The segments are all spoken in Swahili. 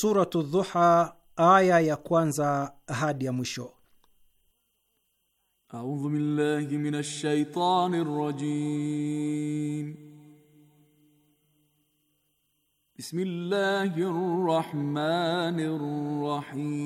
Suratu Dhuha, aya ya kwanza hadi ya mwisho. Audhu billahi minash shaitani rajim. Bismillahir rahmanir rahim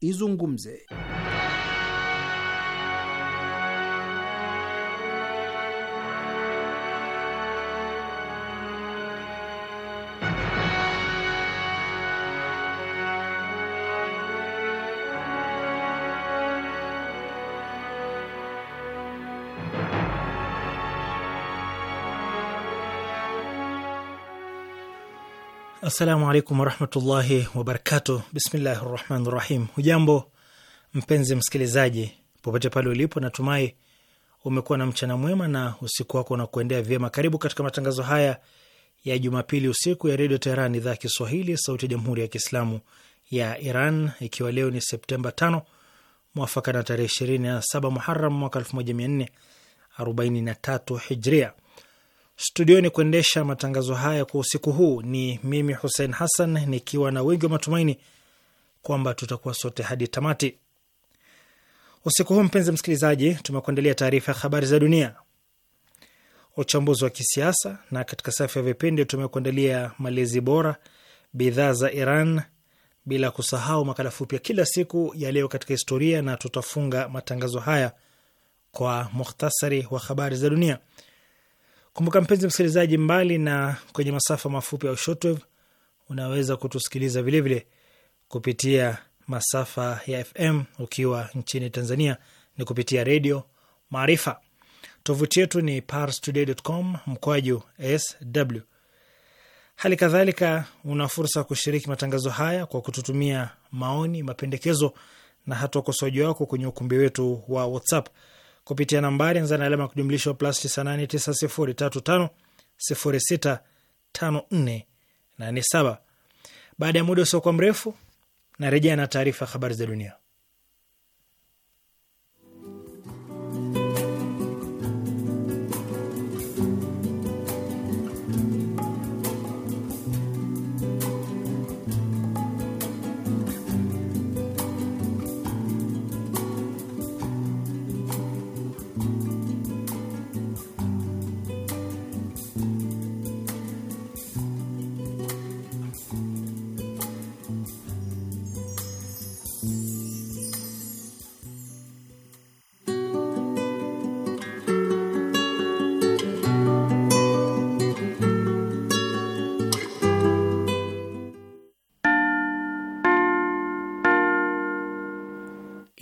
izungumze. Assalamu alaikum warahmatullahi wabarakatuh. Bismillahi rahmani rahim. Hujambo mpenzi msikilizaji, popote pale ulipo, natumai umekuwa na mchana mwema na usiku wako unakuendea vyema. Karibu katika matangazo haya ya Jumapili usiku ya Redio Teheran, idhaa ya Kiswahili, sauti ya Jamhuri ya Kiislamu ya Iran, ikiwa leo ni Septemba 5 mwafaka na tarehe 27 Muharam mwaka 1443 Hijria studioni kuendesha matangazo haya kwa usiku huu ni mimi Hussein Hassan, nikiwa na wengi wa matumaini kwamba tutakuwa sote hadi tamati usiku huu. Mpenzi msikilizaji, tumekuandalia taarifa ya habari za dunia, uchambuzi wa kisiasa, na katika safu ya vipindi tumekuandalia malezi bora, bidhaa za Iran, bila kusahau makala fupi ya kila siku ya leo katika historia, na tutafunga matangazo haya kwa mukhtasari wa habari za dunia. Kumbuka mpenzi msikilizaji, mbali na kwenye masafa mafupi au shortwave, unaweza kutusikiliza vilevile kupitia masafa ya FM ukiwa nchini Tanzania ni kupitia redio Maarifa. Tovuti yetu ni parstoday.com mkwaju sw. Hali kadhalika una fursa ya kushiriki matangazo haya kwa kututumia maoni, mapendekezo na hata ukosoaji wako kwenye ukumbi wetu wa WhatsApp kupitia nambari anza alama ya kujumlisha plus 989035065487. Baada ya muda usiokuwa mrefu, narejea na taarifa ya habari za dunia.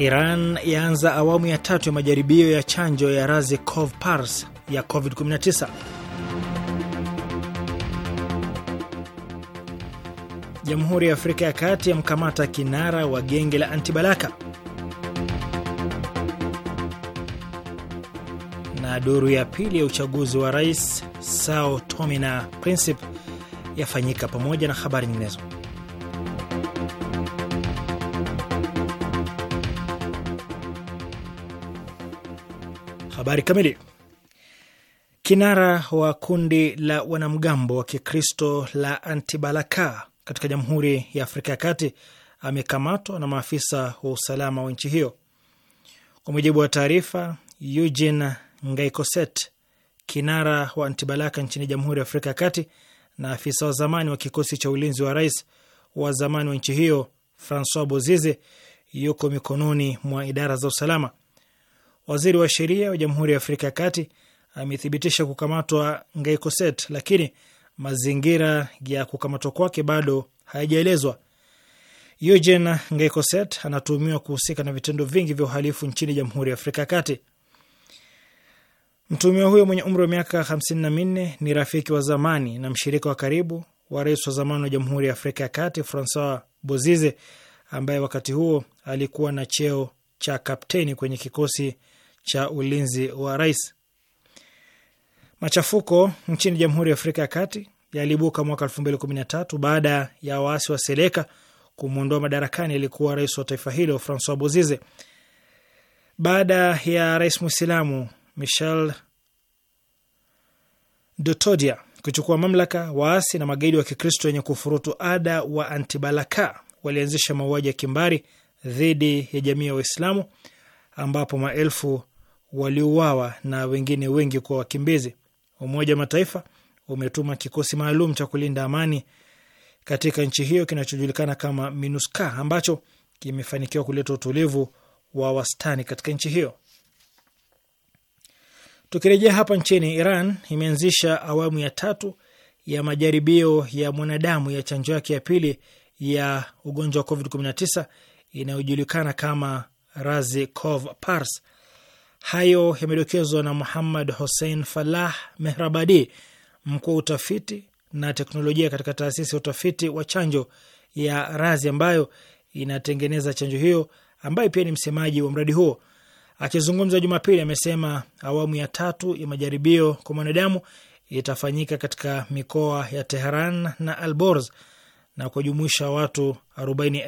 Iran yaanza awamu ya tatu ya majaribio ya chanjo ya Razi-Cov Pars ya COVID-19. Jamhuri ya Afrika ya Kati yamkamata kinara wa genge la Antibalaka. Na duru ya pili ya uchaguzi wa rais Sao Tome na Principe yafanyika pamoja na habari nyinginezo. Habari kamili. Kinara wa kundi la wanamgambo wa Kikristo la Antibalaka katika Jamhuri ya Afrika ya Kati amekamatwa na maafisa wa usalama wa nchi hiyo. Kwa mujibu wa taarifa, Eugene Ngaikoset, kinara wa Antibalaka nchini Jamhuri ya Afrika ya Kati na afisa wa zamani wa kikosi cha ulinzi wa rais wa zamani wa nchi hiyo Francois Bozize, yuko mikononi mwa idara za usalama. Waziri wa sheria wa Jamhuri ya Afrika ya Kati amethibitisha kukamatwa Ngaikoset, lakini mazingira ya kukamatwa kwake bado hayajaelezwa. Eugen Ngaikoset anatuhumiwa kuhusika na vitendo vingi vya uhalifu nchini Jamhuri ya Afrika ya Kati. Mtuhumiwa huyo mwenye umri wa miaka hamsini na minne ni rafiki wa zamani na mshirika wa karibu wa rais wa zamani wa Jamhuri ya Afrika ya Kati Francois Bozize ambaye wakati huo alikuwa na cheo cha kapteni kwenye kikosi cha ulinzi wa rais. Machafuko nchini Jamhuri ya Afrika ya Kati yaliibuka mwaka elfu mbili kumi na tatu baada ya waasi wa Seleka kumwondoa madarakani alikuwa rais wa taifa hilo Francois Bozize. Baada ya rais Mwislamu Michel Dotodia kuchukua mamlaka, waasi na magaidi wa Kikristo wenye kufurutu ada wa Antibalaka walianzisha mauaji ya kimbari dhidi ya jamii ya Waislamu ambapo maelfu waliuawa na wengine wengi kuwa wakimbizi. Umoja wa Mataifa umetuma kikosi maalum cha kulinda amani katika nchi hiyo kinachojulikana kama MINUSCA ambacho kimefanikiwa kuleta utulivu wa wastani katika nchi hiyo. Tukirejea hapa nchini, Iran imeanzisha awamu ya tatu ya majaribio ya mwanadamu ya chanjo yake ya pili ya ugonjwa wa COVID-19 inayojulikana kama cov Pars Hayo yamedokezwa na Muhammad Hussein Falah Mehrabadi, mkuu wa utafiti na teknolojia katika taasisi ya utafiti wa chanjo ya Razi ambayo inatengeneza chanjo hiyo, ambaye pia ni msemaji wa mradi huo. Akizungumza Jumapili, amesema awamu ya tatu ya majaribio kwa mwanadamu itafanyika katika mikoa ya Teheran na Alborz na kujumuisha watu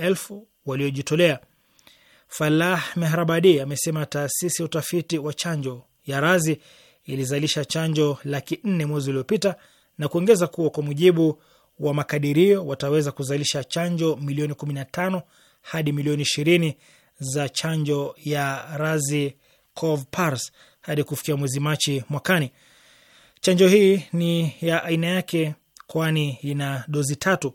elfu waliojitolea. Falah Mehrabadi amesema taasisi ya utafiti wa chanjo ya Razi ilizalisha chanjo laki nne mwezi uliopita na kuongeza kuwa kwa mujibu wa makadirio wataweza kuzalisha chanjo milioni 15 hadi milioni 20 za chanjo ya Razi Cov Pars hadi kufikia mwezi Machi mwakani. Chanjo hii ni ya aina yake, kwani ina dozi tatu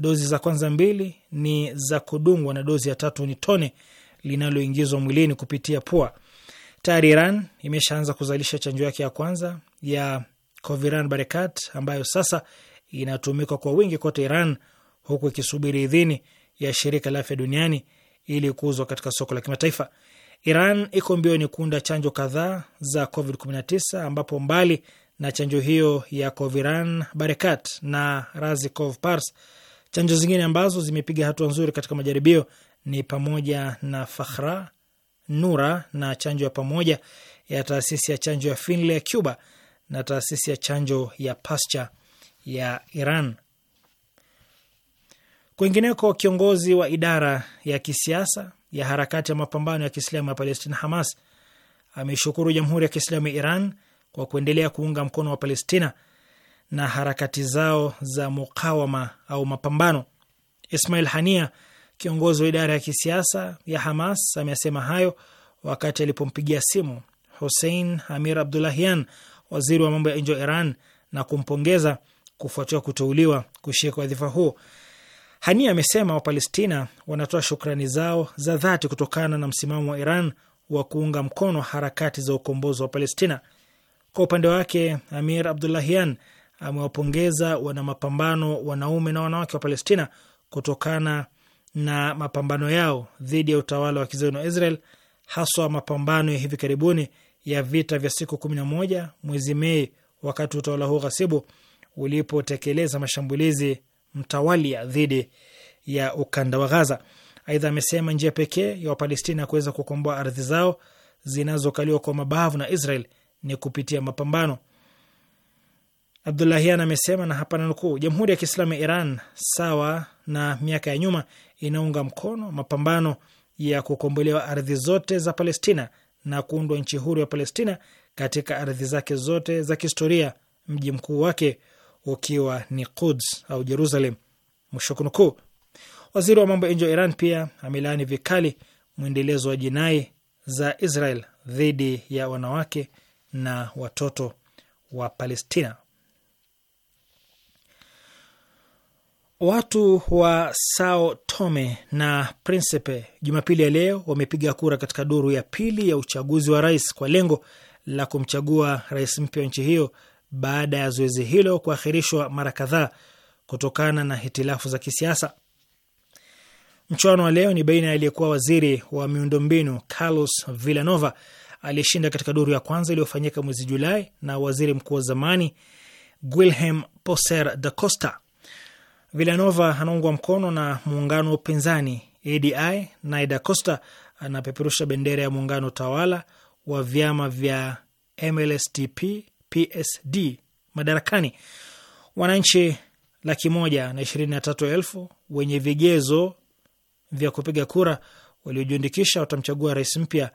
Dozi za kwanza mbili ni za kudungwa na dozi ya tatu ni tone linaloingizwa mwilini kupitia pua. Tayari Iran imeshaanza kuzalisha chanjo yake ya kwanza ya Coviran Barekat ambayo sasa inatumika kwa wingi kote Iran, huku ikisubiri idhini ya shirika la afya duniani ili kuuzwa katika soko la kimataifa. Iran iko mbioni kuunda chanjo kadhaa za COVID-19 ambapo mbali na chanjo hiyo ya Coviran Barekat na Razikov Pars Chanjo zingine ambazo zimepiga hatua nzuri katika majaribio ni pamoja na Fakhra, Nura na chanjo ya pamoja ya taasisi ya chanjo ya Finlay ya Cuba na taasisi ya chanjo ya Pasteur ya Iran. Kwingineko, kiongozi wa idara ya kisiasa ya harakati ya mapambano ya Kiislamu ya Palestina, Hamas, ameshukuru Jamhuri ya Kiislamu ya Iran kwa kuendelea kuunga mkono wa Palestina na harakati zao za mukawama au mapambano. Ismail Hania, kiongozi wa idara ya kisiasa ya Hamas, amesema hayo wakati alipompigia simu Hussein Amir Abdulahian, waziri wa mambo ya nje wa Iran, na kumpongeza kufuatia kuteuliwa kushika wadhifa huo. Hania amesema Wapalestina wanatoa shukrani zao za dhati kutokana na msimamo wa Iran wa kuunga mkono harakati za ukombozi wa Palestina. Kwa upande wake, Amir Abdulahian amewapongeza wana mapambano wanaume na wanawake wa Palestina kutokana na mapambano yao dhidi ya utawala wa kizayuni wa Israel, haswa mapambano ya hivi karibuni ya vita vya siku kumi na moja mwezi Mei, wakati utawala huo ghasibu ulipotekeleza mashambulizi mtawalia dhidi ya ukanda wa Gaza. Aidha, amesema njia pekee ya Wapalestina kuweza kukomboa ardhi zao zinazokaliwa kwa mabavu na Israel ni kupitia mapambano. Abdullahian amesema na hapa nanukuu, Jamhuri ya Kiislamu ya Iran sawa na miaka ya nyuma inaunga mkono mapambano ya kukombolewa ardhi zote za Palestina na kuundwa nchi huru ya Palestina katika ardhi zake zote za kihistoria, mji mkuu wake ukiwa ni Quds au Jerusalem, mwisho kunukuu. Waziri wa mambo ya nje wa Iran pia amelaani vikali mwendelezo wa jinai za Israel dhidi ya wanawake na watoto wa Palestina. Watu wa Sao Tome na Principe Jumapili ya leo wamepiga kura katika duru ya pili ya uchaguzi wa rais kwa lengo la kumchagua rais mpya wa nchi hiyo baada ya zoezi hilo kuahirishwa mara kadhaa kutokana na hitilafu za kisiasa. Mchuano wa leo ni baina ya aliyekuwa waziri wa miundombinu Carlos Villanova aliyeshinda katika duru ya kwanza iliyofanyika mwezi Julai na waziri mkuu wa zamani Guilherme poser da Costa. Villanova anaungwa mkono na muungano wa upinzani ADI. naida Costa anapeperusha bendera ya muungano tawala wa vyama vya MLSTP PSD madarakani. Wananchi laki moja na ishirini na tatu elfu wenye vigezo vya kupiga kura waliojiandikisha watamchagua rais mpya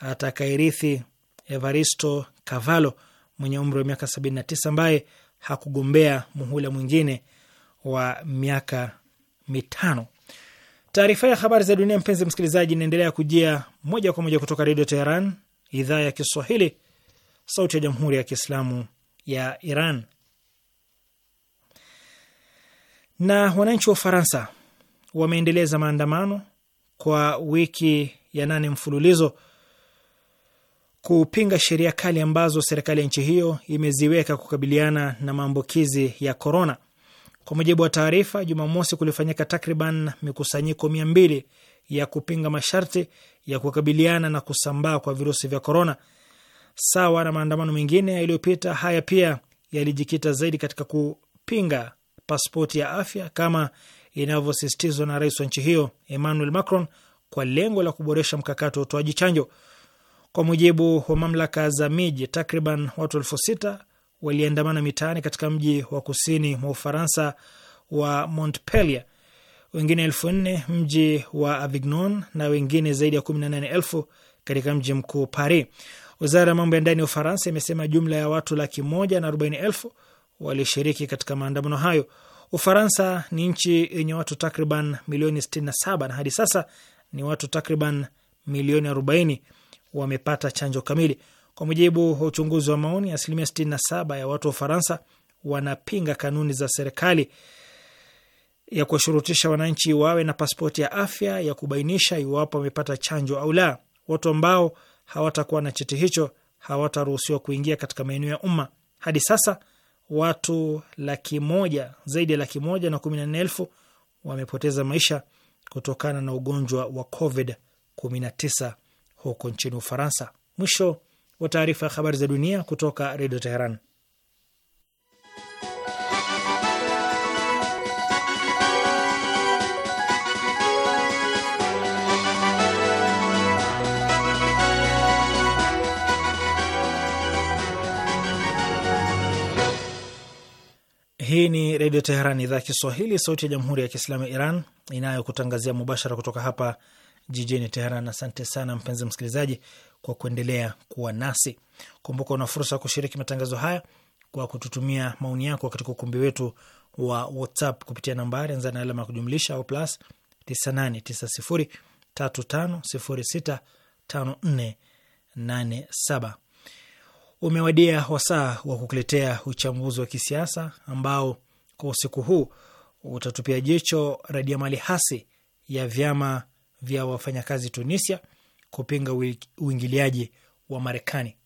atakayerithi Evaristo cavalo mwenye umri wa miaka tisa ambaye hakugombea muhula mwingine wa miaka mitano. Taarifa ya habari za dunia, mpenzi msikilizaji, inaendelea kujia moja kwa moja kutoka Redio Teheran, idhaa ya Kiswahili, sauti ya Jamhuri ya Kiislamu ya Iran. Na wananchi wa Ufaransa wameendeleza maandamano kwa wiki ya nane mfululizo kupinga sheria kali ambazo serikali ya nchi hiyo imeziweka kukabiliana na maambukizi ya korona. Kwa mujibu wa taarifa, Jumamosi kulifanyika takriban mikusanyiko mia mbili ya kupinga masharti ya kukabiliana na kusambaa kwa virusi vya korona. Sawa na maandamano mengine yaliyopita, haya pia yalijikita zaidi katika kupinga pasipoti ya afya kama inavyosisitizwa na rais wa nchi hiyo Emmanuel Macron, kwa lengo la kuboresha mkakati wa utoaji chanjo. Kwa mujibu wa mamlaka za miji, takriban watu elfu sita waliandamana mitaani katika mji wa kusini mwa Ufaransa wa Montpellier, wengine elfu nne mji wa Avignon na wengine zaidi ya kumi na nane elfu katika mji mkuu Paris. Wizara ya mambo ya ndani ya Ufaransa imesema jumla ya watu laki moja na arobaini elfu walishiriki katika maandamano hayo. Ufaransa ni nchi yenye watu takriban milioni 67 na hadi sasa ni watu takriban milioni 40 wamepata chanjo kamili. Kwa mujibu wa uchunguzi wa maoni, asilimia 67 ya watu wa Ufaransa wanapinga kanuni za serikali ya kuwashurutisha wananchi wawe na paspoti ya afya ya kubainisha iwapo wamepata chanjo au la. Watu ambao hawatakuwa na cheti hicho hawataruhusiwa kuingia katika maeneo ya umma. Hadi sasa watu laki moja zaidi ya laki moja na kumi na nne elfu wamepoteza maisha kutokana na ugonjwa wa COVID 19 huko nchini Ufaransa. Mwisho wa taarifa ya habari za dunia kutoka Redio Teheran. Hii ni Redio Teheran, idhaa ya Kiswahili, sauti ya Jamhuri ya Kiislamu ya Iran inayokutangazia mubashara kutoka hapa jijini Teheran. Asante sana mpenzi msikilizaji kwa kuendelea kuwa nasi. Kumbuka una fursa ya kushiriki matangazo haya kwa kututumia maoni yako katika ukumbi wetu wa WhatsApp kupitia nambari anza na alama ya kujumlisha au plus 989035065487. Umewadia wasaa wa kukuletea uchambuzi wa kisiasa ambao kwa usiku huu utatupia jicho radiamali hasi ya vyama vya wafanyakazi Tunisia kupinga uingiliaji wa Marekani.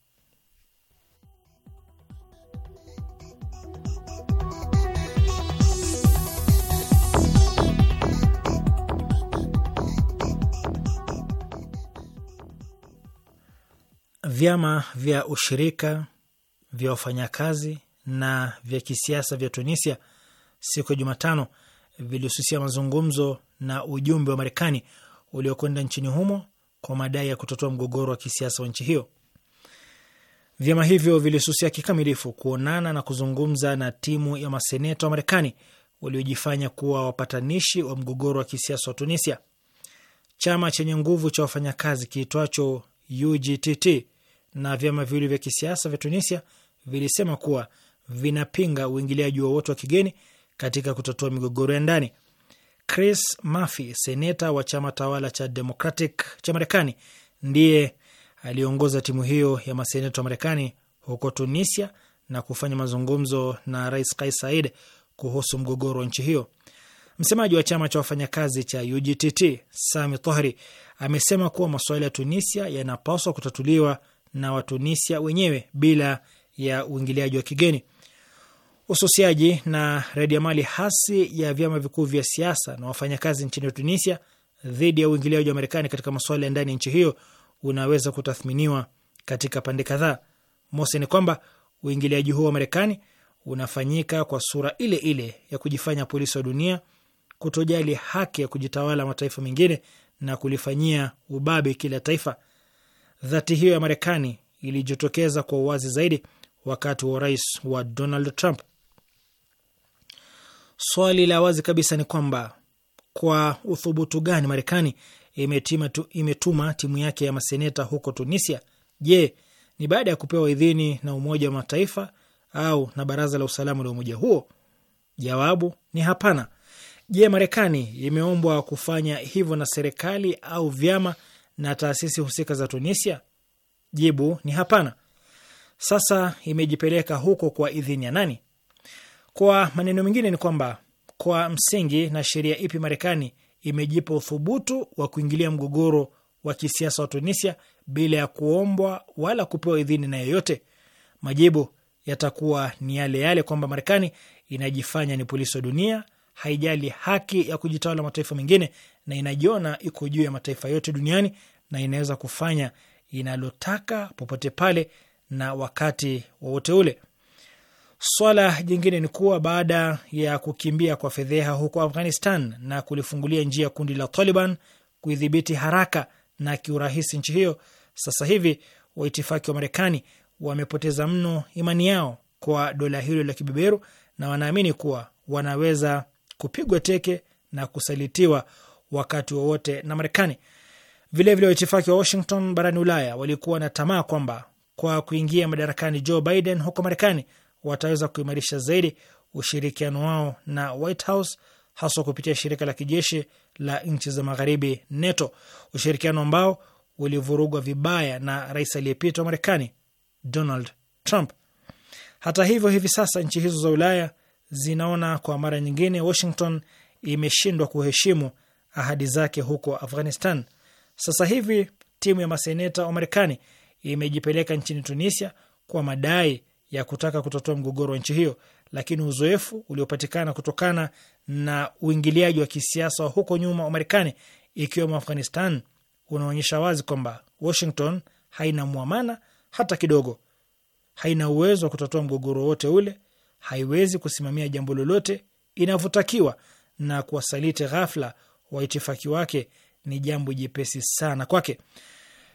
Vyama vya ushirika vya wafanyakazi na vya kisiasa vya Tunisia siku ya Jumatano vilisusia mazungumzo na ujumbe wa Marekani uliokwenda nchini humo kwa madai ya kutotoa mgogoro wa kisiasa wa nchi hiyo. Vyama hivyo vilisusia kikamilifu kuonana na kuzungumza na timu ya maseneta wa Marekani waliojifanya kuwa wapatanishi wa mgogoro wa kisiasa wa Tunisia. Chama chenye nguvu cha wafanyakazi kiitwacho UGTT na vyama viwili vya kisiasa vya Tunisia vilisema kuwa vinapinga uingiliaji wowote wa kigeni katika kutatua migogoro ya ndani. Chris Murphy, seneta wa chama tawala cha Democratic cha Marekani, ndiye aliongoza timu hiyo ya maseneta wa Marekani huko Tunisia na kufanya mazungumzo na Rais Kais Saied kuhusu mgogoro wa nchi hiyo. Msemaji wa chama cha wafanyakazi cha UGTT Sami Tohri amesema kuwa masuala ya Tunisia yanapaswa kutatuliwa na Watunisia wenyewe bila ya uingiliaji wa kigeni ususiaji na mali hasi ya vyama vikuu vya siasa na wafanyakazi nchini Tunisia dhidi ya uingiliaji wa Marekani katika masuala ya ndani ya nchi hiyo unaweza kutathminiwa katika pande kadhaa. Mosi ni kwamba uingiliaji huo wa Marekani unafanyika kwa sura ile ile ya kujifanya polisi wa dunia, kutojali haki ya kujitawala mataifa mengine na kulifanyia ubabe kila taifa. Dhati hiyo ya Marekani ilijitokeza kwa uwazi zaidi wakati wa urais wa Donald Trump. Swali la wazi kabisa ni kwamba kwa uthubutu gani Marekani imetuma timu yake ya maseneta huko Tunisia? Je, ni baada ya kupewa idhini na Umoja wa Mataifa au na Baraza la Usalama la umoja huo? Jawabu ni hapana. Je, Marekani imeombwa kufanya hivyo na serikali au vyama na taasisi husika za Tunisia? Jibu ni hapana. Sasa imejipeleka huko kwa idhini ya nani? Kwa maneno mengine ni kwamba kwa msingi na sheria ipi Marekani imejipa uthubutu wa kuingilia mgogoro wa kisiasa wa Tunisia bila ya kuombwa wala kupewa idhini na yoyote? Majibu yatakuwa ni yale yale kwamba Marekani inajifanya ni polisi wa dunia, haijali haki ya kujitawala mataifa mengine, na inajiona iko juu ya mataifa yote duniani na inaweza kufanya inalotaka popote pale na wakati wowote ule. Swala jingine ni kuwa baada ya kukimbia kwa fedheha huko Afghanistan na kulifungulia njia kundi la Taliban kuidhibiti haraka na kiurahisi nchi hiyo, sasa hivi waitifaki wa Marekani wamepoteza mno imani yao kwa dola hilo la kibeberu na wanaamini kuwa wanaweza kupigwa teke na kusalitiwa wakati wowote na Marekani. Vilevile waitifaki wa Washington barani Ulaya walikuwa na tamaa kwamba kwa kuingia madarakani Joe Biden huko Marekani wataweza kuimarisha zaidi ushirikiano wao na White House haswa kupitia shirika la kijeshi la nchi za magharibi NATO, ushirikiano ambao ulivurugwa vibaya na rais aliyepita wa Marekani Donald Trump. Hata hivyo, hivi sasa nchi hizo za Ulaya zinaona kwa mara nyingine Washington imeshindwa kuheshimu ahadi zake huko Afghanistan. Sasa hivi timu ya maseneta wa Marekani imejipeleka nchini Tunisia kwa madai ya kutaka kutatua mgogoro wa nchi hiyo, lakini uzoefu uliopatikana kutokana na uingiliaji wa kisiasa wa huko nyuma wa Marekani ikiwemo Afghanistan unaonyesha wazi kwamba Washington haina mwamana hata kidogo, haina uwezo wa kutatua mgogoro wote ule, haiwezi kusimamia jambo lolote inavyotakiwa, na kuwasaliti ghafla waitifaki wake ni jambo jepesi sana kwake.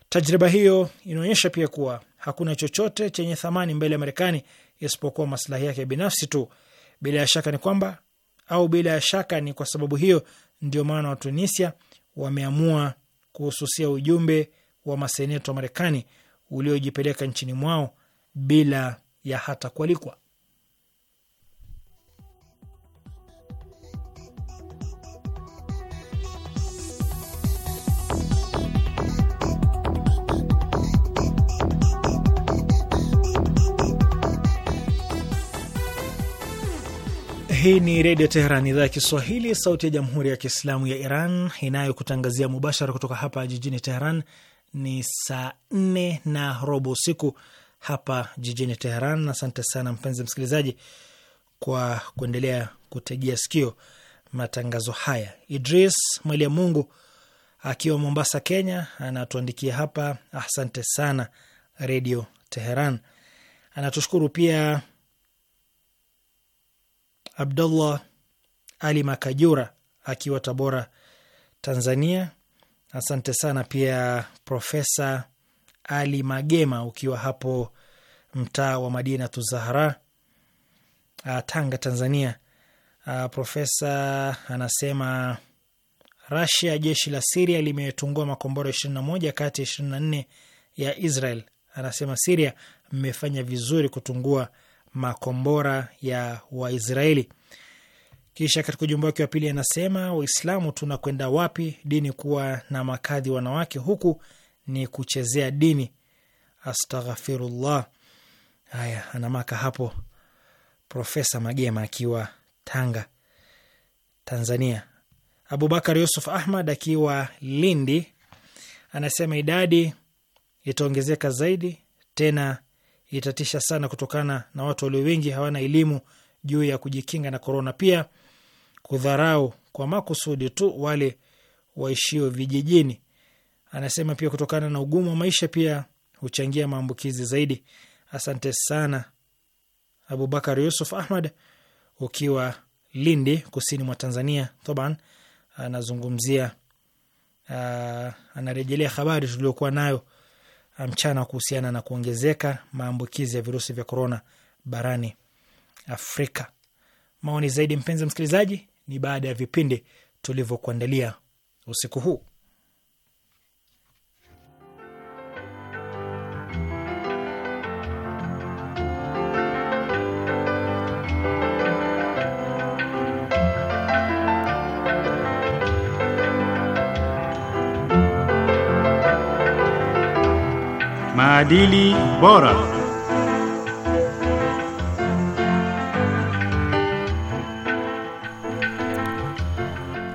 Tajriba hiyo inaonyesha pia kuwa hakuna chochote chenye thamani mbele ya Marekani isipokuwa maslahi yake binafsi tu. Bila ya shaka ni kwamba au bila ya shaka ni kwa sababu hiyo ndio maana Watunisia wameamua kuhususia ujumbe wa maseneta wa Marekani uliojipeleka nchini mwao bila ya hata kualikwa. Hii ni Redio Teheran, idhaa ya Kiswahili, sauti ya Jamhuri ya Kiislamu ya Iran, inayokutangazia mubashara kutoka hapa jijini Teheran. Ni saa nne na robo usiku hapa jijini Teheran. Asante sana mpenzi msikilizaji kwa kuendelea kutegea sikio matangazo haya. Idris Mwali ya Mungu akiwa Mombasa, Kenya, anatuandikia hapa, asante sana Redio Teheran. Anatushukuru pia Abdullah Ali Makajura akiwa Tabora, Tanzania. Asante sana pia Profesa Ali Magema ukiwa hapo mtaa wa Madinatu Zahara, ah, Tanga, Tanzania. Ah, Profesa anasema Rasia, jeshi la Siria limetungua makombora ishirini na moja kati ya ishirini nne ya Israel. Anasema Siria, mmefanya vizuri kutungua makombora ya Waisraeli. Kisha katika ujumbe wake wa pili anasema, Waislamu tunakwenda wapi? Dini kuwa na makadhi wanawake huku ni kuchezea dini. Astaghfirullah. Haya, anamaka hapo Profesa Magema akiwa Tanga, Tanzania. Abubakar Yusuf Ahmad akiwa Lindi anasema idadi itaongezeka zaidi tena itatisha sana kutokana na watu walio wengi hawana elimu juu ya kujikinga na korona. Pia kudharau kwa makusudi tu wale waishio vijijini. Anasema pia kutokana na ugumu wa maisha pia huchangia maambukizi zaidi. Asante sana Abubakar Yusuf Ahmad ukiwa Lindi, kusini mwa Tanzania. Toban anazungumzia, uh, anarejelea habari tuliokuwa nayo Uh, mchana kuhusiana na kuongezeka maambukizi ya virusi vya korona barani Afrika. Maoni zaidi, mpenzi msikilizaji, ni baada ya vipindi tulivyokuandalia usiku huu. Maadili Bora.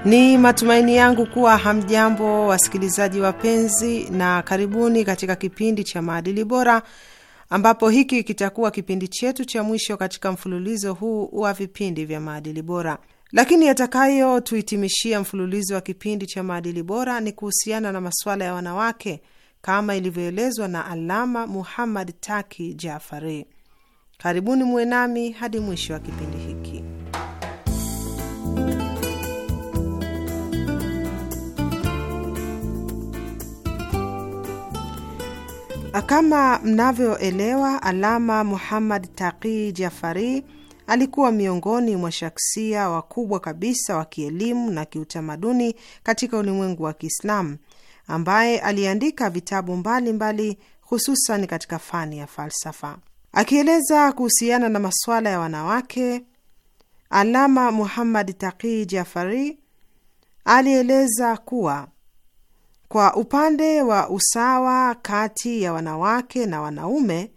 Ni matumaini yangu kuwa hamjambo wasikilizaji wapenzi, na karibuni katika kipindi cha Maadili Bora, ambapo hiki kitakuwa kipindi chetu cha mwisho katika mfululizo huu wa vipindi vya maadili bora. Lakini yatakayotuhitimishia mfululizo wa kipindi cha maadili bora ni kuhusiana na masuala ya wanawake kama ilivyoelezwa na Alama Muhammad Taki Jafari. Karibuni muwe nami hadi mwisho wa kipindi hiki. Kama mnavyoelewa, Alama Muhammad taki Jafari alikuwa miongoni mwa shaksia wakubwa kabisa wa kielimu na kiutamaduni katika ulimwengu wa Kiislamu ambaye aliandika vitabu mbalimbali hususan katika fani ya falsafa. Akieleza kuhusiana na masuala ya wanawake, Alama Muhammad Taqi Jafari alieleza kuwa kwa upande wa usawa kati ya wanawake na wanaume,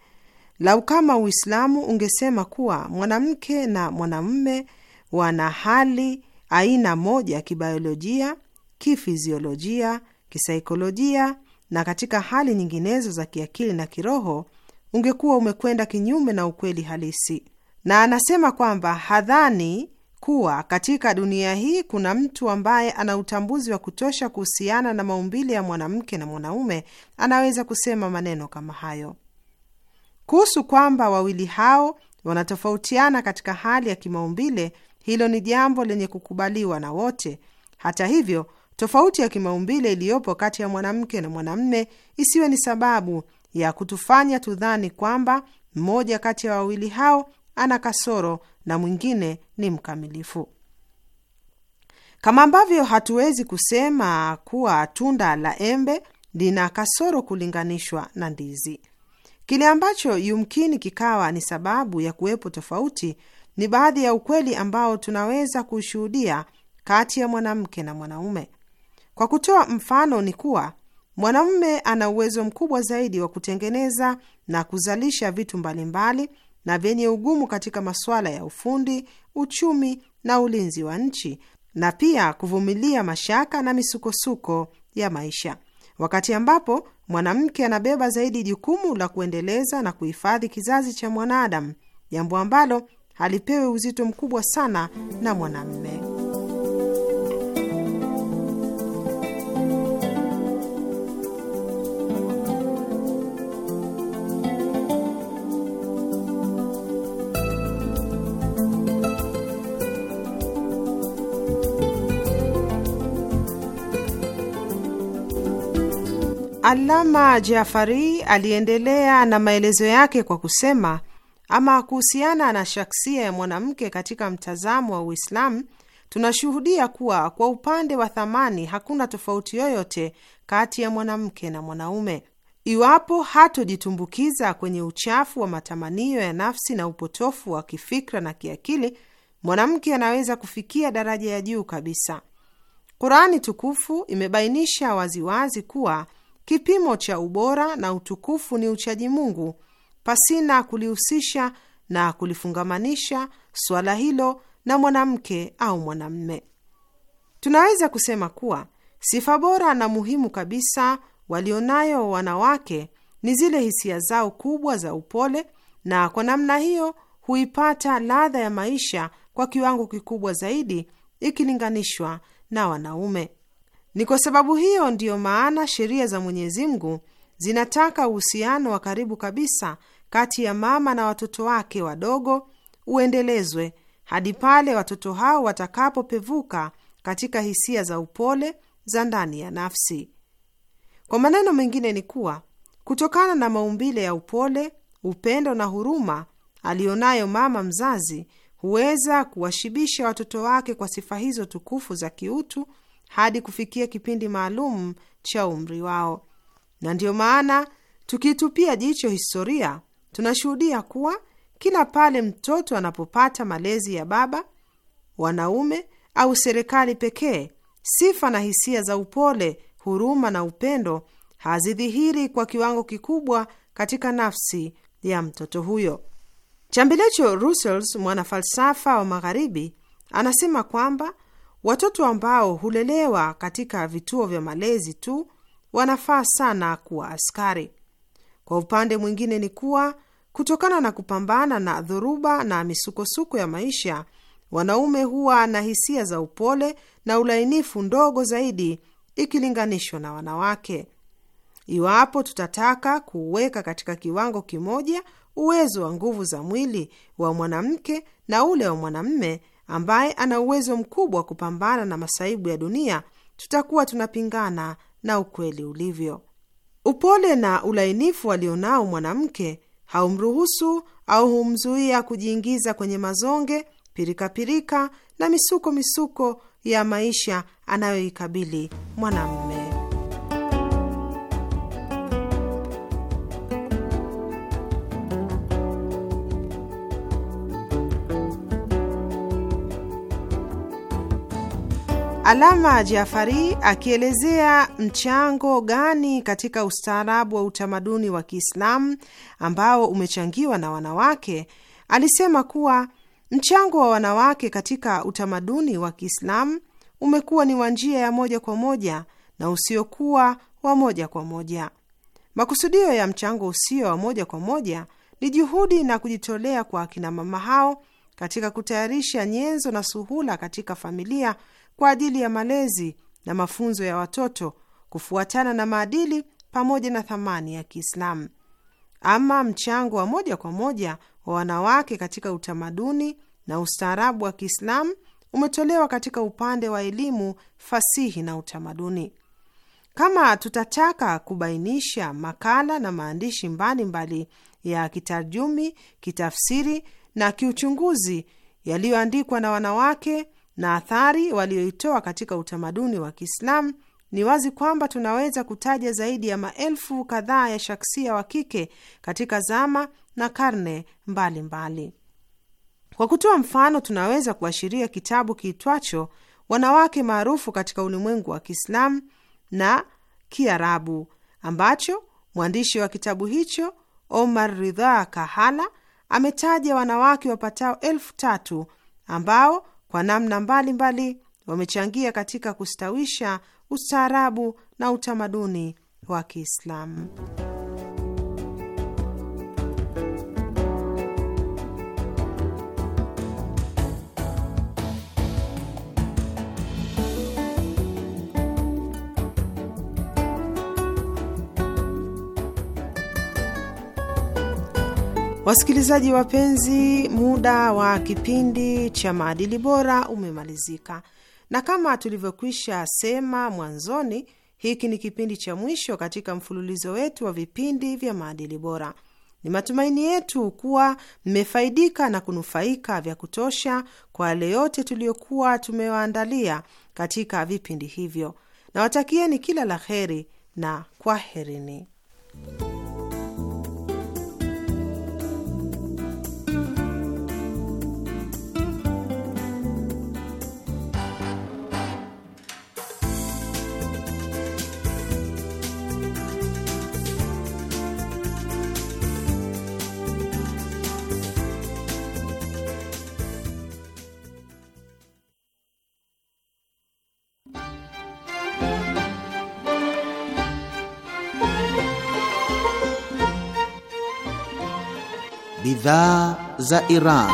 lau kama Uislamu ungesema kuwa mwanamke na mwanamume wana hali aina moja kibiolojia, kifiziolojia kisaikolojia na katika hali nyinginezo za kiakili na kiroho, ungekuwa umekwenda kinyume na ukweli halisi. Na anasema kwamba hadhani kuwa katika dunia hii kuna mtu ambaye ana utambuzi wa kutosha kuhusiana na maumbile ya mwanamke na mwanaume anaweza kusema maneno kama hayo kuhusu kwamba wawili hao wanatofautiana katika hali ya kimaumbile. Hilo ni jambo lenye kukubaliwa na wote. Hata hivyo, Tofauti ya kimaumbile iliyopo kati ya mwanamke na mwanamme isiwe ni sababu ya kutufanya tudhani kwamba mmoja kati ya wawili hao ana kasoro na mwingine ni mkamilifu. Kama ambavyo hatuwezi kusema kuwa tunda la embe lina kasoro kulinganishwa na ndizi. Kile ambacho yumkini kikawa ni sababu ya kuwepo tofauti ni baadhi ya ukweli ambao tunaweza kushuhudia kati ya mwanamke na mwanaume. Kwa kutoa mfano, ni kuwa mwanamume ana uwezo mkubwa zaidi wa kutengeneza na kuzalisha vitu mbalimbali na vyenye ugumu katika masuala ya ufundi, uchumi na ulinzi wa nchi, na pia kuvumilia mashaka na misukosuko ya maisha, wakati ambapo mwanamke anabeba zaidi jukumu la kuendeleza na kuhifadhi kizazi cha mwanadamu, jambo ambalo halipewi uzito mkubwa sana na mwanamme. Alama Jafari aliendelea na maelezo yake kwa kusema, ama kuhusiana na shaksia ya mwanamke katika mtazamo wa Uislamu, tunashuhudia kuwa kwa upande wa thamani hakuna tofauti yoyote kati ya mwanamke na mwanaume. Iwapo hatojitumbukiza kwenye uchafu wa matamanio ya nafsi na upotofu wa kifikra na kiakili, mwanamke anaweza kufikia daraja ya juu kabisa. qurani tukufu imebainisha waziwazi kuwa Kipimo cha ubora na utukufu ni uchaji Mungu, pasina kulihusisha na kulifungamanisha suala hilo na mwanamke au mwanamme. Tunaweza kusema kuwa sifa bora na muhimu kabisa walionayo wanawake ni zile hisia zao kubwa za upole, na kwa namna hiyo huipata ladha ya maisha kwa kiwango kikubwa zaidi ikilinganishwa na wanaume. Ni kwa sababu hiyo ndiyo maana sheria za Mwenyezi Mungu zinataka uhusiano wa karibu kabisa kati ya mama na watoto wake wadogo uendelezwe hadi pale watoto hao watakapopevuka katika hisia za upole za ndani ya nafsi. Kwa maneno mengine ni kuwa kutokana na maumbile ya upole, upendo na huruma aliyonayo mama mzazi, huweza kuwashibisha watoto wake kwa sifa hizo tukufu za kiutu hadi kufikia kipindi maalum cha umri wao. Na ndiyo maana tukiitupia jicho historia, tunashuhudia kuwa kila pale mtoto anapopata malezi ya baba, wanaume au serikali pekee, sifa na hisia za upole, huruma na upendo hazidhihiri kwa kiwango kikubwa katika nafsi ya mtoto huyo. Chambilecho Russell, mwanafalsafa wa Magharibi, anasema kwamba Watoto ambao hulelewa katika vituo vya malezi tu wanafaa sana kuwa askari. Kwa upande mwingine ni kuwa kutokana na kupambana na dhoruba na misukosuko ya maisha, wanaume huwa na hisia za upole na ulainifu ndogo zaidi ikilinganishwa na wanawake. Iwapo tutataka kuweka katika kiwango kimoja uwezo wa nguvu za mwili wa mwanamke na ule wa mwanamme, ambaye ana uwezo mkubwa wa kupambana na masaibu ya dunia, tutakuwa tunapingana na ukweli ulivyo. Upole na ulainifu alionao mwanamke haumruhusu au humzuia kujiingiza kwenye mazonge, pirikapirika pirika na misuko misuko ya maisha anayoikabili mwanamume. Alama Jafari akielezea mchango gani katika ustaarabu wa utamaduni wa Kiislamu ambao umechangiwa na wanawake, alisema kuwa mchango wa wanawake katika utamaduni wa Kiislamu umekuwa ni wa njia ya moja kwa moja na usiokuwa wa moja kwa moja. Makusudio ya mchango usio wa moja kwa moja ni juhudi na kujitolea kwa akinamama hao katika kutayarisha nyenzo na suhula katika familia kwa ajili ya malezi na mafunzo ya watoto kufuatana na maadili pamoja na thamani ya Kiislamu. Ama mchango wa moja kwa moja wa wanawake katika utamaduni na ustaarabu wa Kiislamu umetolewa katika upande wa elimu, fasihi na utamaduni. Kama tutataka kubainisha makala na maandishi mbalimbali mbali ya kitarjumi, kitafsiri na kiuchunguzi yaliyoandikwa na wanawake na athari walioitoa katika utamaduni wa Kiislamu, ni wazi kwamba tunaweza kutaja zaidi ya maelfu kadhaa ya shaksia wa kike katika zama na karne mbalimbali mbali. Kwa kutoa mfano, tunaweza kuashiria kitabu kiitwacho Wanawake Maarufu katika Ulimwengu wa Kiislamu na Kiarabu ambacho mwandishi wa kitabu hicho Omar Ridha Kahala ametaja wanawake wapatao elfu tatu ambao kwa namna mbalimbali mbali, wamechangia katika kustawisha ustaarabu na utamaduni wa Kiislamu. Wasikilizaji wapenzi, muda wa kipindi cha maadili bora umemalizika, na kama tulivyokwisha sema mwanzoni, hiki ni kipindi cha mwisho katika mfululizo wetu wa vipindi vya maadili bora. Ni matumaini yetu kuwa mmefaidika na kunufaika vya kutosha kwa yale yote tuliyokuwa tumewaandalia katika vipindi hivyo. Nawatakieni kila la heri na kwaherini. bidhaa za Iran.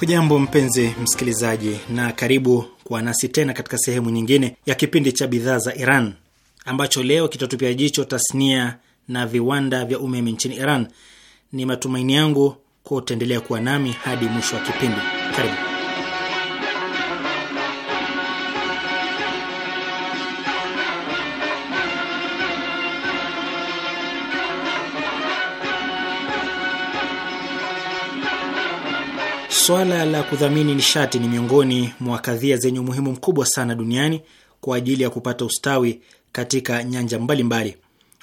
Hujambo mpenzi msikilizaji, na karibu kuwa nasi tena katika sehemu nyingine ya kipindi cha bidhaa za Iran ambacho leo kitatupia jicho tasnia na viwanda vya umeme nchini Iran. Ni matumaini yangu kwa utaendelea kuwa nami hadi mwisho wa kipindi. Karibu. Swala la kudhamini nishati ni miongoni mwa kadhia zenye umuhimu mkubwa sana duniani kwa ajili ya kupata ustawi katika nyanja mbalimbali.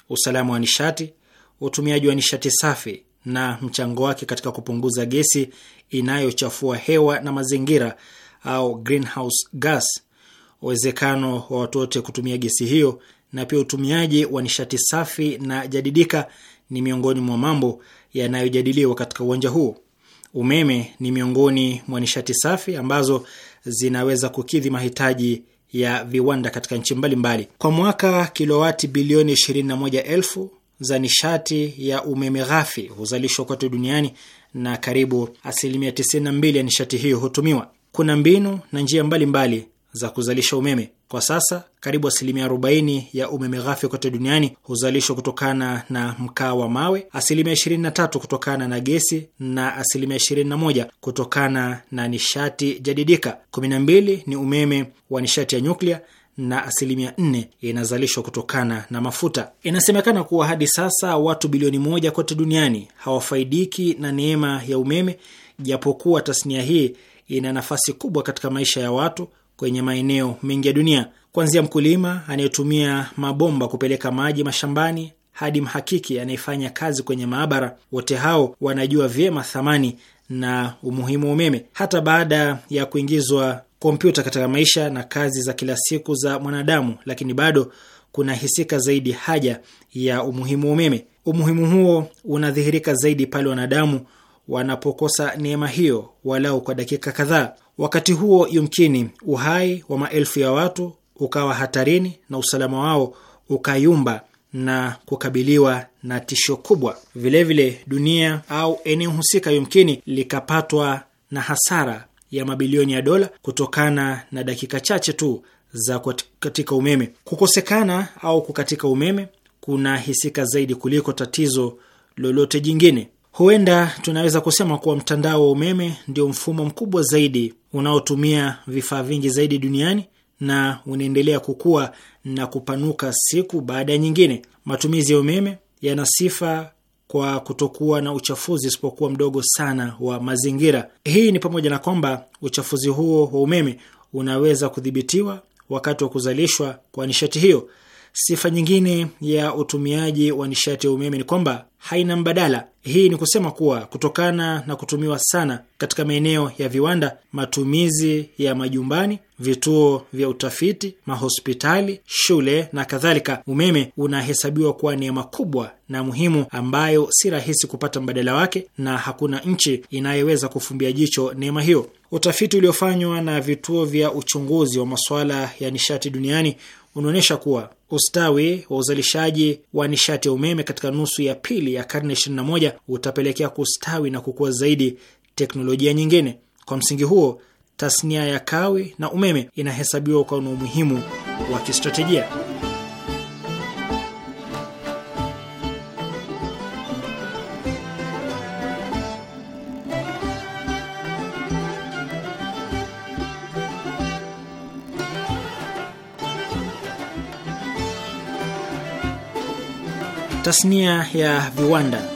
Usalama wa nishati, utumiaji wa nishati safi na mchango wake katika kupunguza gesi inayochafua hewa na mazingira au greenhouse gas, uwezekano wa watu wote kutumia gesi hiyo, na pia utumiaji wa nishati safi na jadidika ni miongoni mwa mambo yanayojadiliwa katika uwanja huo umeme ni miongoni mwa nishati safi ambazo zinaweza kukidhi mahitaji ya viwanda katika nchi mbalimbali. Kwa mwaka kilowati bilioni 21 za nishati ya umeme ghafi huzalishwa kote duniani na karibu asilimia 92 ya nishati hiyo hutumiwa. Kuna mbinu na njia mbalimbali za kuzalisha umeme. Kwa sasa karibu asilimia 40 ya umeme ghafi kote duniani huzalishwa kutokana na mkaa wa mawe, asilimia 23 kutokana na gesi na asilimia 21 kutokana na nishati jadidika. 12 ni umeme wa nishati ya nyuklia na asilimia 4 inazalishwa kutokana na mafuta. Inasemekana kuwa hadi sasa watu bilioni moja kote duniani hawafaidiki na neema ya umeme, japokuwa tasnia hii ina nafasi kubwa katika maisha ya watu kwenye maeneo mengi ya dunia, kuanzia mkulima anayetumia mabomba kupeleka maji mashambani hadi mhakiki anayefanya kazi kwenye maabara. Wote hao wanajua vyema thamani na umuhimu wa umeme. Hata baada ya kuingizwa kompyuta katika maisha na kazi za kila siku za mwanadamu, lakini bado kuna hisika zaidi haja ya umuhimu wa umeme. Umuhimu huo unadhihirika zaidi pale wanadamu wanapokosa neema hiyo walau kwa dakika kadhaa. Wakati huo, yumkini uhai wa maelfu ya watu ukawa hatarini na usalama wao ukayumba na kukabiliwa na tisho kubwa. Vilevile vile dunia au eneo husika yumkini likapatwa na hasara ya mabilioni ya dola kutokana na dakika chache tu za kukatika umeme. Kukosekana au kukatika umeme kuna hisika zaidi kuliko tatizo lolote jingine. Huenda tunaweza kusema kuwa mtandao wa umeme ndio mfumo mkubwa zaidi unaotumia vifaa vingi zaidi duniani na unaendelea kukua na kupanuka siku baada ya nyingine. Matumizi ya umeme yana sifa kwa kutokuwa na uchafuzi isipokuwa mdogo sana wa mazingira. Hii ni pamoja na kwamba uchafuzi huo wa umeme unaweza kudhibitiwa wakati wa kuzalishwa kwa nishati hiyo. Sifa nyingine ya utumiaji wa nishati ya umeme ni kwamba haina mbadala. Hii ni kusema kuwa kutokana na kutumiwa sana katika maeneo ya viwanda, matumizi ya majumbani, vituo vya utafiti, mahospitali, shule na kadhalika, umeme unahesabiwa kuwa neema kubwa na muhimu ambayo si rahisi kupata mbadala wake, na hakuna nchi inayoweza kufumbia jicho neema hiyo. Utafiti uliofanywa na vituo vya uchunguzi wa masuala ya nishati duniani unaonyesha kuwa ustawi wa uzalishaji wa nishati ya umeme katika nusu ya pili ya karne 21 utapelekea kustawi na kukua zaidi teknolojia nyingine. Kwa msingi huo, tasnia ya kawi na umeme inahesabiwa kwa umuhimu wa kistratejia. Tasnia ya viwanda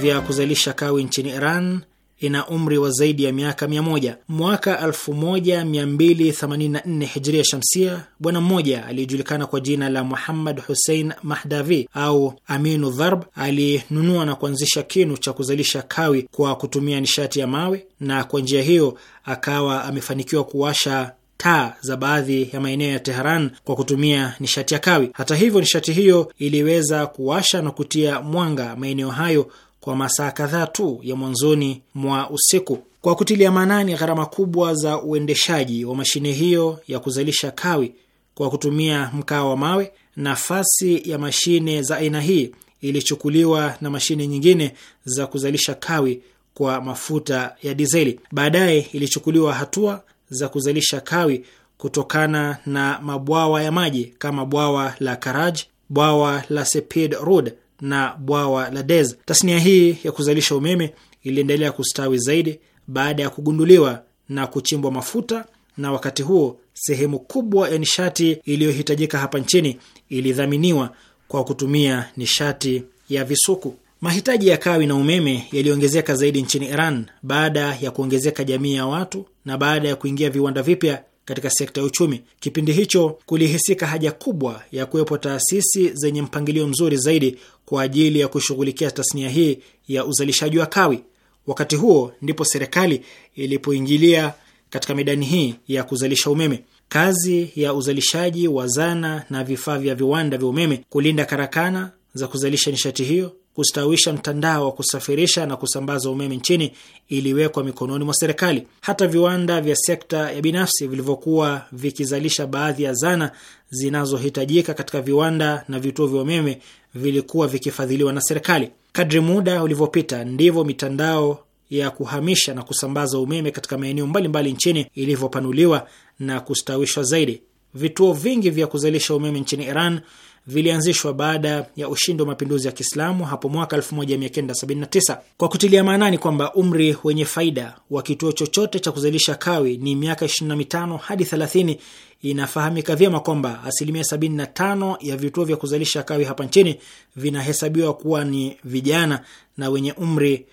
vya kuzalisha kawi nchini Iran ina umri wa zaidi ya miaka mia moja. Mwaka 1284 hijria shamsia, bwana mmoja aliyejulikana kwa jina la Muhammad Hussein Mahdavi au Aminu Dharb alinunua na kuanzisha kinu cha kuzalisha kawi kwa kutumia nishati ya mawe, na kwa njia hiyo akawa amefanikiwa kuwasha taa za baadhi ya maeneo ya Teheran kwa kutumia nishati ya kawi. Hata hivyo, nishati hiyo iliweza kuwasha na kutia mwanga maeneo hayo kwa masaa kadhaa tu ya mwanzoni mwa usiku. Kwa kutilia maanani gharama kubwa za uendeshaji wa mashine hiyo ya kuzalisha kawi kwa kutumia mkaa wa mawe, nafasi ya mashine za aina hii ilichukuliwa na mashine nyingine za kuzalisha kawi kwa mafuta ya dizeli. Baadaye ilichukuliwa hatua za kuzalisha kawi kutokana na mabwawa ya maji kama bwawa la Karaj, bwawa la Sepid Rud na bwawa la Dez. Tasnia hii ya kuzalisha umeme iliendelea kustawi zaidi baada ya kugunduliwa na kuchimbwa mafuta, na wakati huo sehemu kubwa ya nishati iliyohitajika hapa nchini ilidhaminiwa kwa kutumia nishati ya visukuku. Mahitaji ya kawi na umeme yaliongezeka zaidi nchini Iran baada ya kuongezeka jamii ya watu na baada ya kuingia viwanda vipya katika sekta ya uchumi. Kipindi hicho kulihisika haja kubwa ya kuwepo taasisi zenye mpangilio mzuri zaidi kwa ajili ya kushughulikia tasnia hii ya uzalishaji wa kawi. Wakati huo ndipo serikali ilipoingilia katika midani hii ya kuzalisha umeme. Kazi ya uzalishaji wa zana na vifaa vya viwanda vya umeme, kulinda karakana za kuzalisha nishati hiyo kustawisha mtandao wa kusafirisha na kusambaza umeme nchini iliwekwa mikononi mwa serikali. Hata viwanda vya sekta ya binafsi vilivyokuwa vikizalisha baadhi ya zana zinazohitajika katika viwanda na vituo vya umeme vilikuwa vikifadhiliwa na serikali. Kadri muda ulivyopita, ndivyo mitandao ya kuhamisha na kusambaza umeme katika maeneo mbalimbali nchini ilivyopanuliwa na kustawishwa zaidi. Vituo vingi vya kuzalisha umeme nchini Iran vilianzishwa baada ya ushindi wa mapinduzi ya Kiislamu hapo mwaka 1979 kwa kutilia maanani kwamba umri wenye faida wa kituo chochote cha kuzalisha kawi ni miaka 25 hadi 30. Inafahamika vyema kwamba asilimia 75 ya vituo vya kuzalisha kawi hapa nchini vinahesabiwa kuwa ni vijana na wenye umri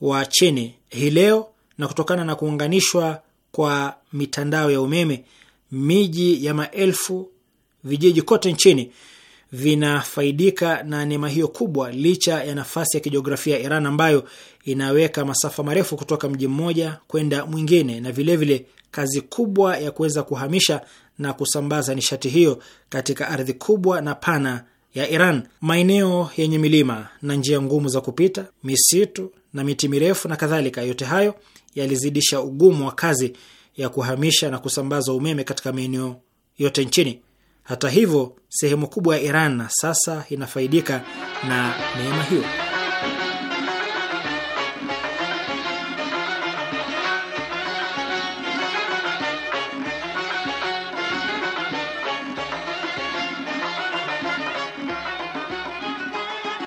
wa chini hii leo, na kutokana na kuunganishwa kwa mitandao ya umeme, miji ya maelfu, vijiji kote nchini vinafaidika na neema hiyo kubwa, licha ya nafasi ya kijiografia ya Iran ambayo inaweka masafa marefu kutoka mji mmoja kwenda mwingine, na vilevile vile kazi kubwa ya kuweza kuhamisha na kusambaza nishati hiyo katika ardhi kubwa na pana ya Iran, maeneo yenye milima na njia ngumu za kupita, misitu na miti mirefu na kadhalika. Yote hayo yalizidisha ugumu wa kazi ya kuhamisha na kusambaza umeme katika maeneo yote nchini. Hata hivyo, sehemu kubwa ya Iran sasa inafaidika na neema hiyo.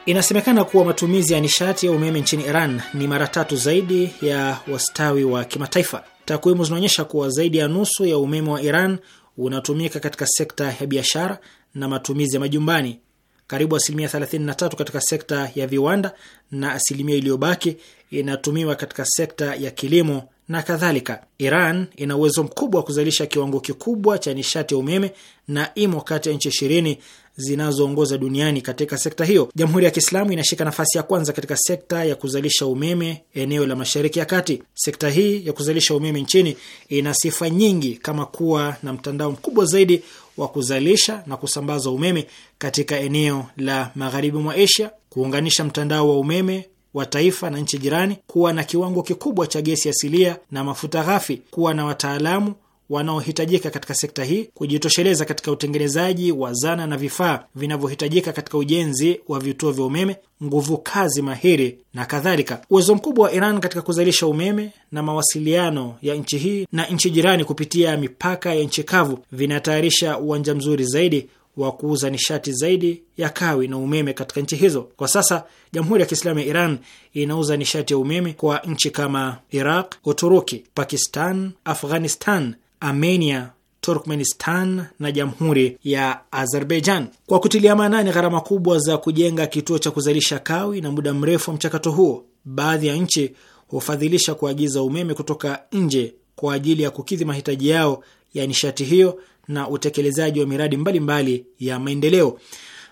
Inasemekana kuwa matumizi ya nishati ya umeme nchini Iran ni mara tatu zaidi ya wastani wa kimataifa. Takwimu zinaonyesha kuwa zaidi ya nusu ya umeme wa Iran unatumika katika sekta ya biashara na matumizi ya majumbani, karibu asilimia 33 katika sekta ya viwanda, na asilimia iliyobaki inatumiwa katika sekta ya kilimo na kadhalika. Iran ina uwezo mkubwa wa kuzalisha kiwango kikubwa cha nishati ya umeme na imo kati ya nchi ishirini zinazoongoza duniani katika sekta hiyo. Jamhuri ya Kiislamu inashika nafasi ya kwanza katika sekta ya kuzalisha umeme eneo la Mashariki ya Kati. Sekta hii ya kuzalisha umeme nchini ina sifa nyingi kama kuwa na mtandao mkubwa zaidi wa kuzalisha na kusambaza umeme katika eneo la magharibi mwa Asia, kuunganisha mtandao wa umeme wa taifa na nchi jirani, kuwa na kiwango kikubwa cha gesi asilia na mafuta ghafi, kuwa na wataalamu wanaohitajika katika sekta hii kujitosheleza katika utengenezaji wa zana na vifaa vinavyohitajika katika ujenzi wa vituo vya umeme, nguvu kazi mahiri na kadhalika. Uwezo mkubwa wa Iran katika kuzalisha umeme na mawasiliano ya nchi hii na nchi jirani kupitia mipaka ya nchi kavu vinatayarisha uwanja mzuri zaidi wa kuuza nishati zaidi ya kawi na umeme katika nchi hizo. Kwa sasa Jamhuri ya Kiislamu ya Iran inauza nishati ya umeme kwa nchi kama Iraq, Uturuki, Pakistan, Afghanistan, Armenia, Turkmenistan na jamhuri ya Azerbaijan. Kwa kutilia maanani gharama kubwa za kujenga kituo cha kuzalisha kawi na muda mrefu wa mchakato huo, baadhi ya nchi hufadhilisha kuagiza umeme kutoka nje kwa ajili ya kukidhi mahitaji yao ya nishati hiyo na utekelezaji wa miradi mbalimbali mbali ya maendeleo.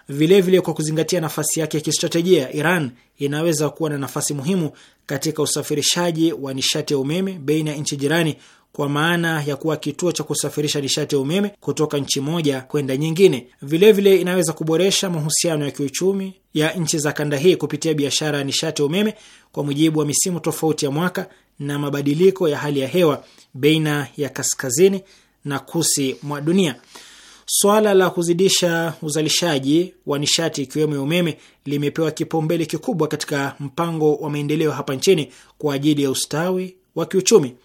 Vilevile vile, kwa kuzingatia nafasi yake ya kistratejia, Iran inaweza kuwa na nafasi muhimu katika usafirishaji wa nishati ya umeme baina ya nchi jirani kwa maana ya kuwa kituo cha kusafirisha nishati ya umeme kutoka nchi moja kwenda nyingine. Vilevile vile inaweza kuboresha mahusiano ya kiuchumi ya nchi za kanda hii kupitia biashara ya nishati ya umeme kwa mujibu wa misimu tofauti ya mwaka na mabadiliko ya hali ya hewa baina ya kaskazini na kusi mwa dunia. Swala la kuzidisha uzalishaji wa nishati ikiwemo ya umeme limepewa kipaumbele kikubwa katika mpango wa maendeleo hapa nchini kwa ajili ya ustawi wa kiuchumi.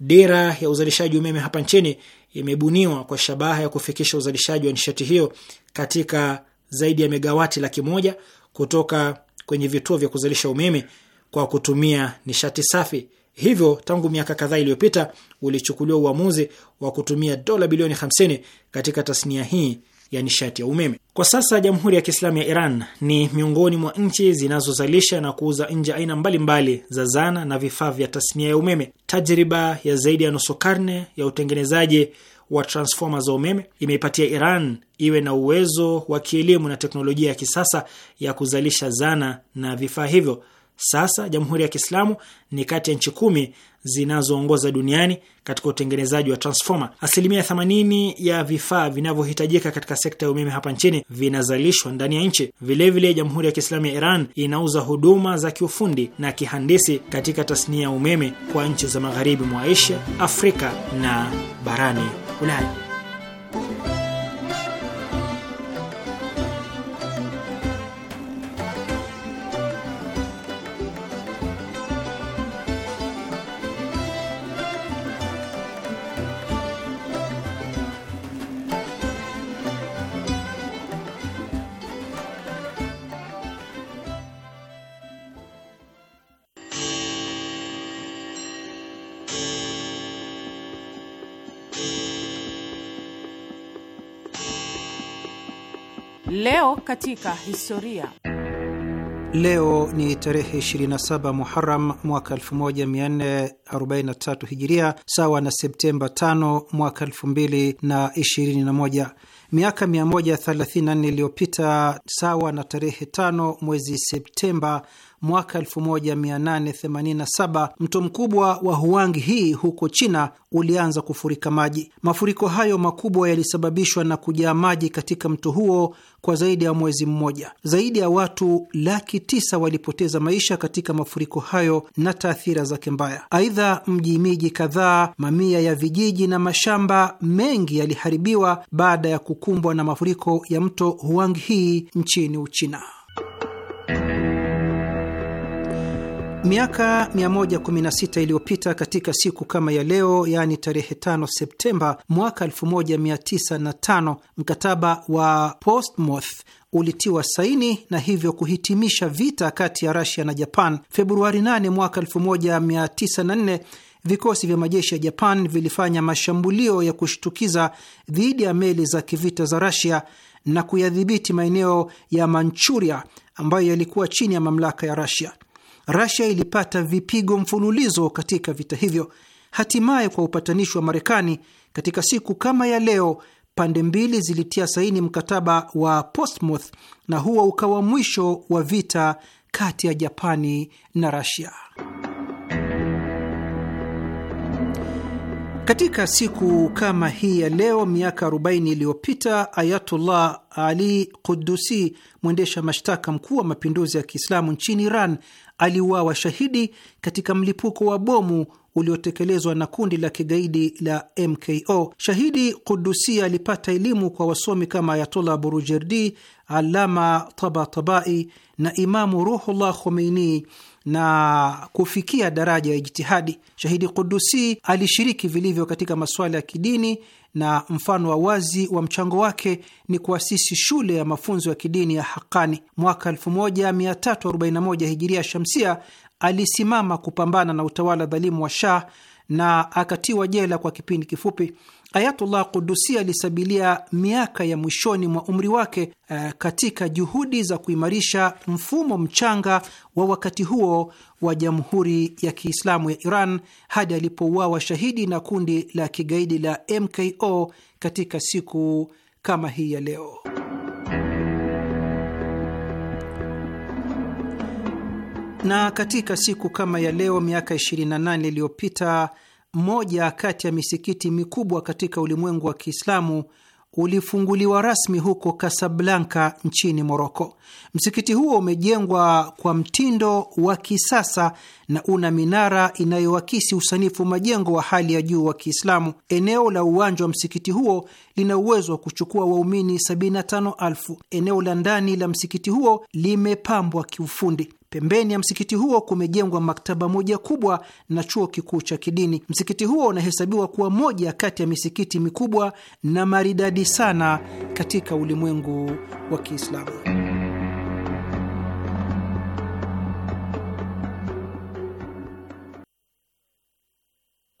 Dira ya uzalishaji umeme hapa nchini imebuniwa kwa shabaha ya kufikisha uzalishaji wa nishati hiyo katika zaidi ya megawati laki moja kutoka kwenye vituo vya kuzalisha umeme kwa kutumia nishati safi. Hivyo tangu miaka kadhaa iliyopita ulichukuliwa uamuzi wa kutumia dola bilioni 50 katika tasnia hii ya nishati ya umeme. Kwa sasa Jamhuri ya Kiislamu ya Iran ni miongoni mwa nchi zinazozalisha na kuuza nje aina mbalimbali mbali za zana na vifaa vya tasnia ya umeme. Tajriba ya zaidi ya nusu karne ya utengenezaji wa transfoma za umeme imeipatia Iran iwe na uwezo wa kielimu na teknolojia ya kisasa ya kuzalisha zana na vifaa hivyo. Sasa Jamhuri ya Kiislamu ni kati ya nchi kumi zinazoongoza duniani katika utengenezaji wa transfoma. Asilimia 80 ya vifaa vinavyohitajika katika sekta ya umeme hapa nchini vinazalishwa ndani ya nchi. Vilevile, Jamhuri ya Kiislamu ya Iran inauza huduma za kiufundi na kihandisi katika tasnia ya umeme kwa nchi za magharibi mwa Asia, Afrika na barani Ulaya. Leo katika historia. Leo ni tarehe 27 Muharam mwaka 1443 Hijiria, sawa na Septemba 5 mwaka 2021. Miaka 134 iliyopita, sawa na tarehe 5 mwezi Septemba mwaka 1887 mto mkubwa wa Huang hii huko China ulianza kufurika maji. Mafuriko hayo makubwa yalisababishwa na kujaa maji katika mto huo kwa zaidi ya mwezi mmoja. Zaidi ya watu laki tisa walipoteza maisha katika mafuriko hayo na taathira zake mbaya. Aidha, mji miji kadhaa, mamia ya vijiji na mashamba mengi yaliharibiwa baada ya kukumbwa na mafuriko ya mto Huang hii nchini Uchina. Miaka 116 iliyopita katika siku kama ya leo, yaani tarehe 5 Septemba mwaka 1905 mkataba wa Portsmouth ulitiwa saini na hivyo kuhitimisha vita kati ya Russia na Japan. Februari 8 mwaka 1904 vikosi vya majeshi ya Japan vilifanya mashambulio ya kushtukiza dhidi ya meli za kivita za Russia na kuyadhibiti maeneo ya Manchuria ambayo yalikuwa chini ya mamlaka ya Russia. Rasia ilipata vipigo mfululizo katika vita hivyo. Hatimaye, kwa upatanishi wa Marekani, katika siku kama ya leo, pande mbili zilitia saini mkataba wa Portsmouth na huo ukawa mwisho wa vita kati ya Japani na Rasia. Katika siku kama hii ya leo miaka 40 iliyopita Ayatullah Ali kudusi mwendesha mashtaka mkuu wa mapinduzi ya Kiislamu nchini Iran, aliuawa shahidi katika mlipuko wa bomu uliotekelezwa na kundi la kigaidi la MKO. Shahidi Kudusia alipata elimu kwa wasomi kama Ayatollah Burujerdi, Alama Tabatabai na Imamu Ruhullah Khomeini na kufikia daraja ya ijtihadi. Shahidi Kudusi alishiriki vilivyo katika masuala ya kidini na mfano wa wazi wa mchango wake ni kuasisi shule ya mafunzo ya kidini ya Hakani. Mwaka 1341 hijiria shamsia alisimama kupambana na utawala dhalimu wa Shah na akatiwa jela kwa kipindi kifupi. Ayatullah Kudusi alisabilia miaka ya mwishoni mwa umri wake uh, katika juhudi za kuimarisha mfumo mchanga wa wakati huo wa Jamhuri ya Kiislamu ya Iran hadi alipouawa shahidi na kundi la kigaidi la MKO katika siku kama hii ya leo. Na katika siku kama ya leo miaka 28 iliyopita moja kati ya misikiti mikubwa katika ulimwengu wa Kiislamu ulifunguliwa rasmi huko Kasablanka nchini Moroko. Msikiti huo umejengwa kwa mtindo wa kisasa na una minara inayoakisi usanifu majengo wa hali ya juu wa Kiislamu. Eneo la uwanja wa msikiti huo lina uwezo wa kuchukua waumini 75,000. Eneo la ndani la msikiti huo limepambwa kiufundi. Pembeni ya msikiti huo kumejengwa maktaba moja kubwa na chuo kikuu cha kidini. Msikiti huo unahesabiwa kuwa moja kati ya misikiti mikubwa na maridadi sana katika ulimwengu wa Kiislamu.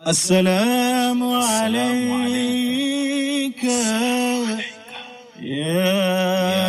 السلام عليك يا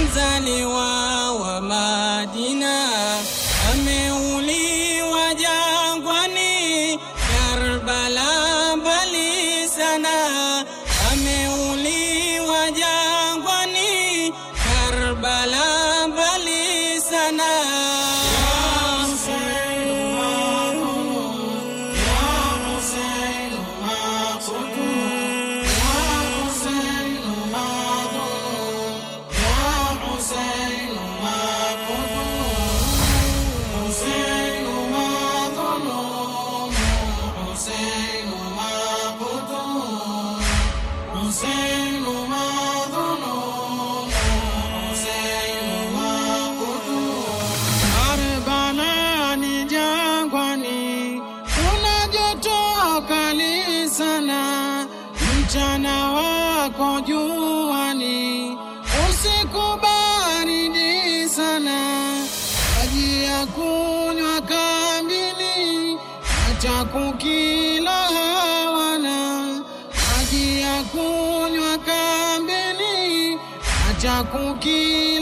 Mzaliwa com o que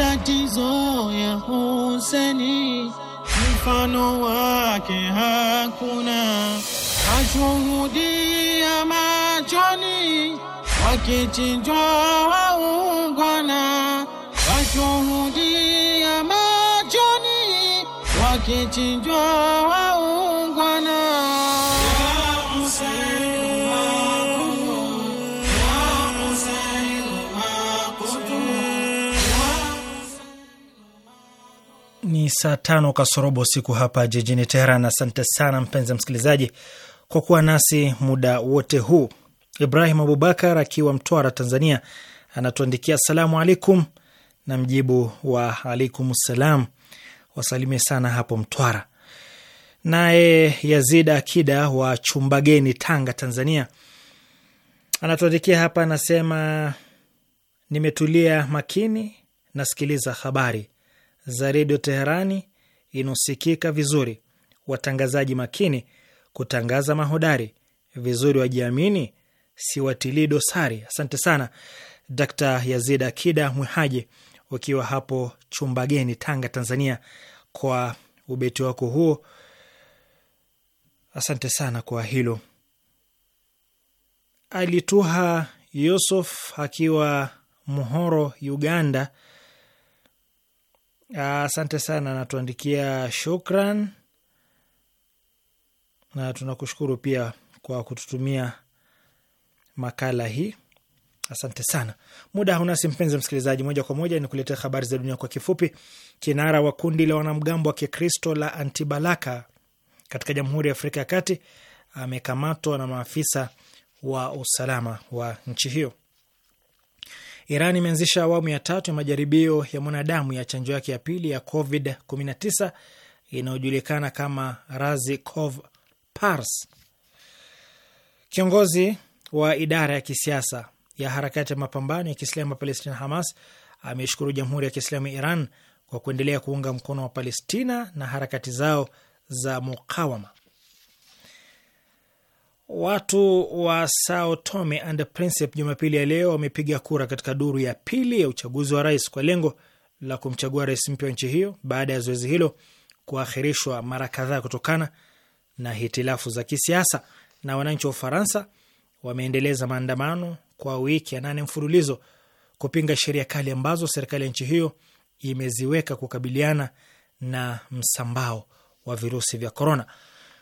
matatizo ya Huseni mfano wake hakuna, ashuhudia machoni wakichinjwa waungwana, ashuhudia machoni wakichinjwa saa tano kasorobo usiku hapa jijini Teheran. Asante sana mpenzi msikilizaji kwa kuwa nasi muda wote huu. Ibrahim Abubakar akiwa Mtwara, Tanzania, anatuandikia asalamu alaikum, na mjibu wa alaikum salam. Wasalimie sana hapo Mtwara. Naye Yazid Akida wa Chumbageni, Tanga, Tanzania, anatuandikia hapa, anasema nimetulia makini nasikiliza habari za redio Teherani inaosikika vizuri, watangazaji makini kutangaza mahodari vizuri, wajiamini si watilii dosari. Asante sana Dkt Yazid Akida Mwehaji, ukiwa hapo chumba geni Tanga, Tanzania, kwa ubeti wako huo. Asante sana kwa hilo. Alituha Yusuf akiwa mhoro Uganda Asante sana, natuandikia shukran, na tunakushukuru pia kwa kututumia makala hii. Asante sana. Muda haunasi mpenzi msikilizaji, moja kwa moja ni kuletea habari za dunia kwa kifupi. Kinara wa kundi la wanamgambo wa Kikristo la Antibalaka katika Jamhuri ya Afrika ya Kati amekamatwa na maafisa wa usalama wa nchi hiyo. Iran imeanzisha awamu ya tatu ya majaribio ya mwanadamu ya chanjo yake ya pili ya COVID-19 inayojulikana kama Razikov Pars. Kiongozi wa idara ya kisiasa ya harakati ya mapambano ya Kiislamu ya Palestina, Hamas, ameshukuru Jamhuri ya Kiislamu ya Iran kwa kuendelea kuunga mkono wa Palestina na harakati zao za mukawama. Watu wa Sao Tome and Principe Jumapili ya leo wamepiga kura katika duru ya pili ya uchaguzi wa rais kwa lengo la kumchagua rais mpya wa nchi hiyo baada ya zoezi hilo kuahirishwa mara kadhaa kutokana na hitilafu za kisiasa. Na wananchi wa Ufaransa wameendeleza maandamano kwa wiki ya nane mfululizo kupinga sheria kali ambazo serikali ya nchi hiyo imeziweka kukabiliana na msambao wa virusi vya korona.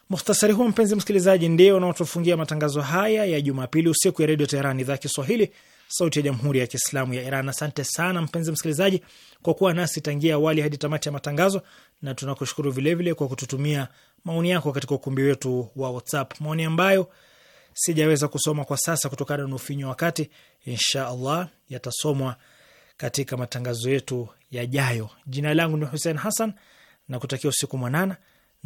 Muhtasari huo mpenzi msikilizaji, ndio unaotufungia matangazo haya ya Jumapili usiku ya Redio Teheran, idhaa ya Kiswahili, sauti ya Jamhuri ya Kiislamu ya Iran. Asante sana mpenzi msikilizaji kwa kuwa nasi tangia awali hadi tamati ya matangazo, na tunakushukuru vilevile kwa kututumia maoni yako katika ukumbi wetu wa WhatsApp, maoni ambayo sijaweza kusoma kwa sasa kutokana na ufinyu wa wakati. Insha Allah yatasomwa katika matangazo yetu yajayo. Jina langu ni Hussein Hassan na kutakia usiku mwanana